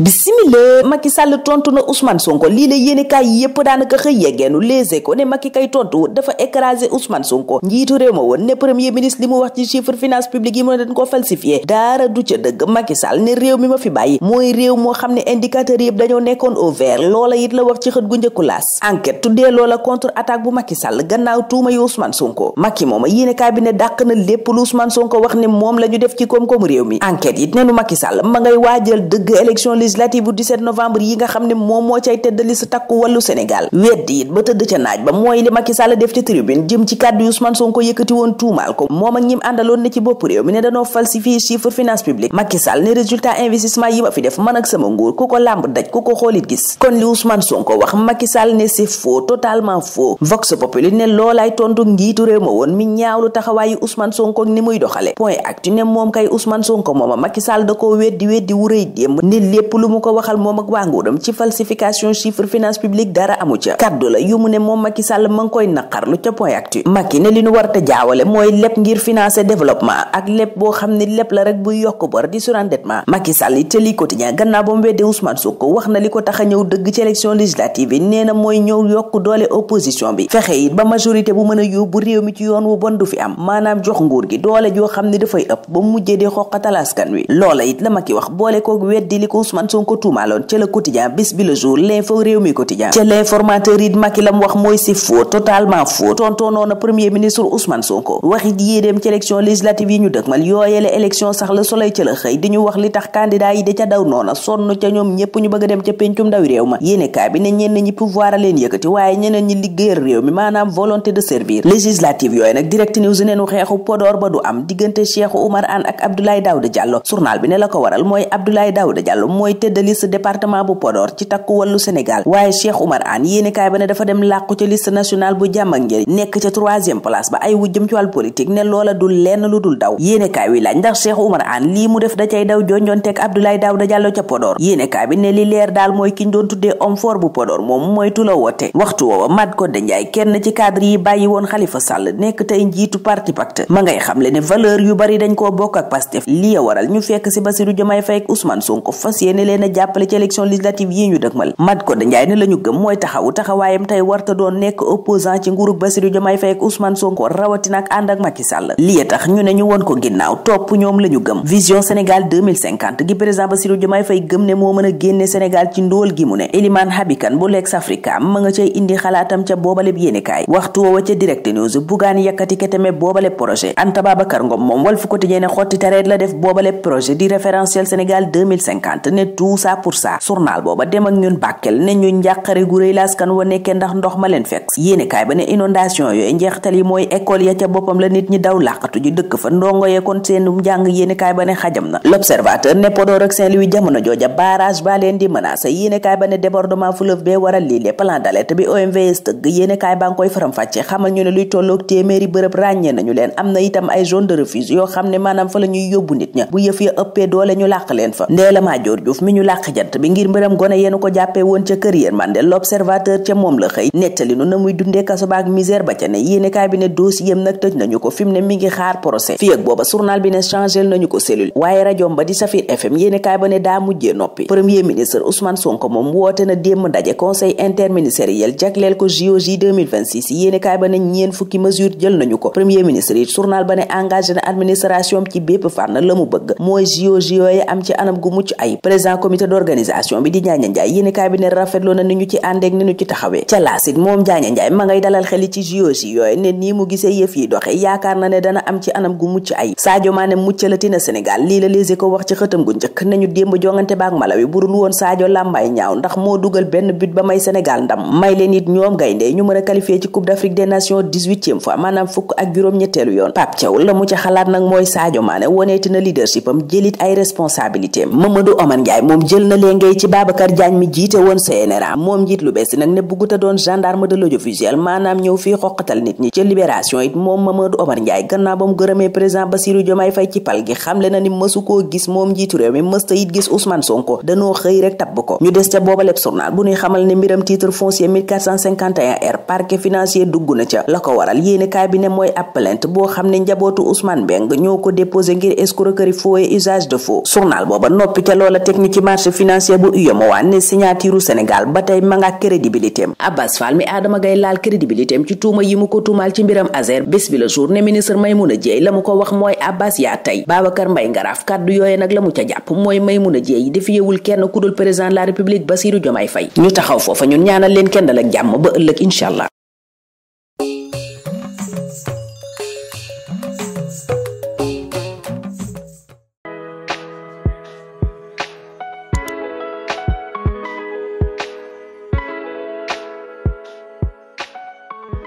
bisimila Macky Sall tontu na Ousmane Sonko lii la yéenekaay yépp daanaka xëy yeggeenu Les Échos ne Macky kay tontu dafa écrasé Ousmane Sonko njiitu réew ma woon ne premier ministre li mu wax ci chiffre finance publique yi mu ne dañ ko falsifié dëgg Macky Sall ne réew mi ma fi bàyyi mooy réew moo xam ne indicateurs yëpp dañoo nekkoon au vert loola it la wax ci xët gu njëkku laas enquête tuddee loola contre attaque bu Macky sàll gannaaw tuuma yi Ousmane Sonko Macky mooma yéenekaay bi ne dàq na lépp lu Ousmane Sonko wax ne moom la ñu def ci koom-koomu réew mi enquête it ne nu Macky ma législative bu 17 novembre yi nga xam ne moom moo cay tedd liste takku wàllu Sénégal weddi it ba tëdd ca naaj ba mooy li Macky Sall def ci tribune jëm ci kàddu yëkkati woon tuumaal ko moom ak ñim ne ci bopp ma fi def man ak totalement faux Vox Populi ne loolaay tontu njiitu réew ma woon mi ñaawlu taxawaayu Ousmane Sonko ni muy doxale point actu ne moom kay Ousmane Sonko mooma Macky Sall da ko weddi weddi wu démb ni lépp lu mu ko waxal moom ak waa nguuram ci falsification chiffre finance publique dara amu ca kaddu la yu mu ne moom Macky Sall ma ngi koy naqarlu ca point actu Macky ne li te jaawale mooy lépp gannaaw ba mu weddee Ousmane Sonko wax na li ko tax a ñëw dëgg ci élection législative yi nee mooy ñëw yokk doole opposition bi fexe it ba majorité bu mën a yóbbu réew mi ci yoon wu bon fi am maanaam jox nguur gi doole joo xam ne dafay ëpp ba mujjee di xoqatal Ousmane Sonko tuumaaloon ca le bis bi le jour l'info réew mi quotidien ca l'informateur it Macky lam wax mooy si faux totalement faux tontoonoona premier ministre Ousmane Sonko waxit yéeneem ci élection législative yi ñu dëgmal yooyele élection sax le soleil ca xëy di ñu wax li tax candidat yi da ca daw noona sonn ca ñoom ñépp ñu bëgg a dem ca péncum ndawi réew ma yéene kaa bi ne ñenn ñi pouvoir a leen yëkkati waaye ñeneen ñi liggéeyal mooy tête de liste département bu Podor ci ne da cay daw jonjonteeg Abdoulaye Daouda Diallo ca Podor yéenekaay bi ne li leer daal mooy kiñ doon tuddee homme fort bu Podor moom mooy tula woote waxtu a Mate Codé Ndiaye kenn ci cadre yi bàyyi woon Khalifa Sall nekk tey njiitu parti Pacte ma ngay xamle ne valeur yu bari dañ koo bokk ak Pastef li waral ñu fekk si Bassirou Diomaye Faye ak Ousmane Sonko fas yéene yéene leen a jàppale ci élection législative yi ñu dëgmal mat ko da njaay ne la gëm mooy taxawu taxawaayam tey warta doon nekk opposant ci nguurug Bassirou Diomaye Faye ak Ousmane Sonko rawatina ak ànd ak Macky Sall lii tax ñu ne ñu won ko ginnaaw topp ñoom la gëm vision Sénégal 2050 gi président Bassirou Diomaye Faye gëm ne moo mën a génne Sénégal ci ndóol gi ne Eliman Habikan bu Lex Africa ma nga cay indi xalaatam ca boobaleb yéenekaay waxtu woowa tout ça pour ça journal booba dem ñun Bakel ne ñu njàqare gu rëy wa nekkee ndax ndox ma leen fekk yéene kaay ba ne inondation yooyu njeextal yi la nit ñi daw làqatu ji dëkk fa ndongo yee ne xajam na l'observateur ne Podor ak Saint-Louis jamono jooja barrage ba leen di menacé yéene kaay ba ne débordement fleuve bee waral lii plan d'alerte bi OMVS tëgg yéene kaay ba nga koy faram-fàcce xamal ñu ne luy tolloog téeméeri bërëb ràññee nañu leen am na itam ay zone de yoo xam mi ñu làq jant bi ngir mbëram gone yeenu ko jàppee woon ca kër yéen l'observateur ca moom la xëy nettali nu na muy dundee kaso ba ak misère ba ca ne yéene kaay bi ne dossier am nag tëj nañu ko fi mu ne mi ngi xaar procès fi booba journal bi ne changé nañu ko cellule waaye rajoom ba di Safir FM yéene kaay ba ne daa mujjee noppi premier ministre Ousmane Sonko moom woote na démb ndaje conseil interministériel jagleel ko JOJ 2026 yéene kaay ba ne ñeen fukki mesure jël nañu ko premier ministre yi journal ba ne engagé na président comité d'organisation bi di Njaaña Njaay yéene kaay bi ne na ni ñu ci àndeek ni ñu ci taxawee ca laasit moom Njaaña Njaay ma ngay dalal xeli ci JOJ yooyu ne nii mu gisee yëf yi doxe yaakaar na ne dana am ci anam gu mucc ay Sadio Mané muccalati na Sénégal lii la Les Échos wax ci xëtam gu njëkk nañu démb jongante baak Malawi burul woon Sadio làmbaay ñaaw ndax moo dugal benn but ba may Sénégal ndam may leen it ñoom gaynde ñu mën a qualifié ci Coupe d'Afrique des Nations dix na leadership am jëlit ay responsabilité Ndiaye moom jël na léengay ci Babacar Diagne mi jiite woon CNRA moom njiit lu bees nag ne bugguta doon gendarme de l'audiovisuel maanaam ñëw fii xoqatal nit ñi ci libération it moom Mamadou Omar Ndiaye gannaaw ba mu gërëmee président Bassirou Diomaye Faye ci pal gi xamle na ni mësu koo gis moom njiitu réew mi mësta it gis Ousmane Sonko danoo xëy rek tabb ko ñu des ca booba lépp journal bu ñuy xamal ne mbiram titre foncier 1451 R parquet financier ci marché financier bu UEMOA ne signature Sénégal ba tey ma nga crédibilité am Abbas Fall mi Adama Gaye laal crédibilité am ci tuuma yi mu ko tuumaal ci mbiram Azer bés bi la jour may ministre a Dièye la mu ko wax mooy Abbas yaa tey Babacar Mbaye Ngaraaf kàddu yooye nag la mu ca jàpp mooy Maimouna Dièye defiyewul kenn ku dul président de la République Bassirou Diomaye fay ñu taxaw foofa ñun ñaanal leen kenn dal jàmm ba ëllëg incha allah